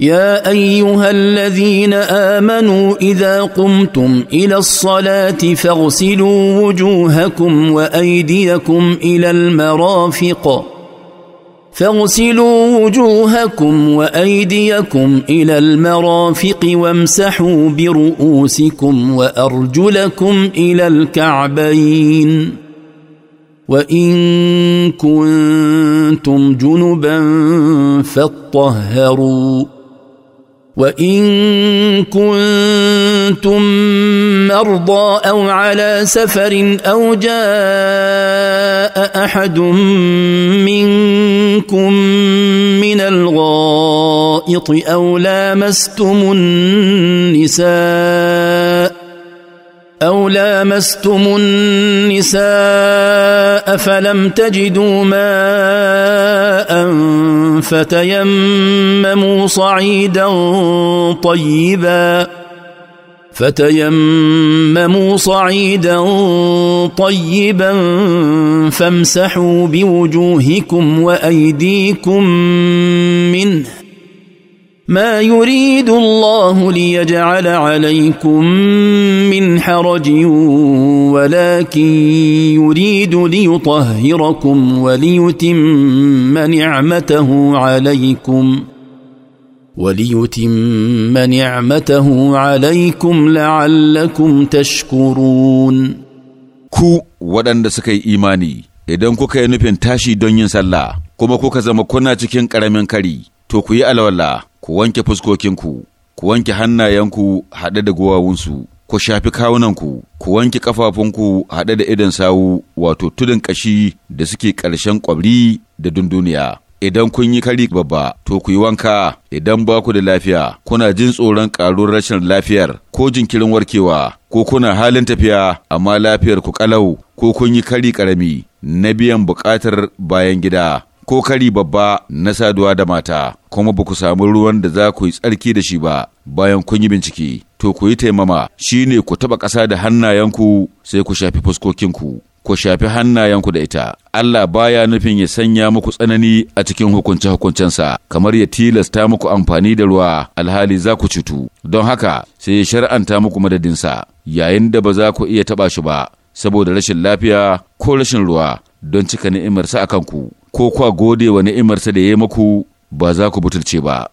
يا ايها الذين امنوا اذا قمتم الى الصلاه فاغسلوا وجوهكم وايديكم الى المرافق فاغسلوا وجوهكم وايديكم الى المرافق وامسحوا برؤوسكم وارجلكم الى الكعبين وان كنتم جنبا فاطهروا وان كنتم مرضى او على سفر او جاء احد منكم من الغائط او لامستم النساء او لامستم النساء فلم تجدوا ماء فتيمموا صعيدا طيبا فتيمموا صعيدا طيبا فامسحوا بوجوهكم وايديكم منه ما يريد الله ليجعل عليكم من حرج ولكن يريد ليطهركم وليتم نعمته عليكم وليتم نعمته عليكم لعلكم تشكرون ku waɗanda suka yi imani idan kuka yi nufin tashi don yin sallah kuma kuka zama kuna cikin ƙaramin kari to ku yi alwala ku wanke fuskokinku, ku wanke hannayenku haɗe da gowawunsu, ku shafi kawunanku, ku wanke ƙafafunku haɗe da idon sawu wato tudun ƙashi da suke ƙarshen ƙwabri da dunduniya. Idan kun yi kari babba, to ku yi wanka, idan ba ku da lafiya, kuna jin tsoron ƙaruwar rashin lafiyar ko jinkirin warkewa, ko kuna halin tafiya, amma lafiyar ku ƙalau, ko kun yi kari ƙarami na biyan buƙatar bayan gida. ko kari babba na saduwa da mata, kuma ba ku samu ruwan da za ku yi tsarki da shi ba bayan kun yi bincike, to ku yi taimama shi ne ku taɓa ƙasa da hannayenku sai ku shafi fuskokinku. Ku shafi hannayenku da ita, Allah baya nufin ya sanya muku tsanani a cikin hukunce-hukuncensa, kamar ya tilasta muku amfani da ruwa alhali za ku cutu, don haka sai ya shar'anta muku madadinsa, yayin da ba za ku iya taɓa shi ba, saboda rashin lafiya ko rashin ruwa don cika ni'imarsa a kanku. ko kwa gode wa ni'imarsa da ya maku ba za ku butulce ba.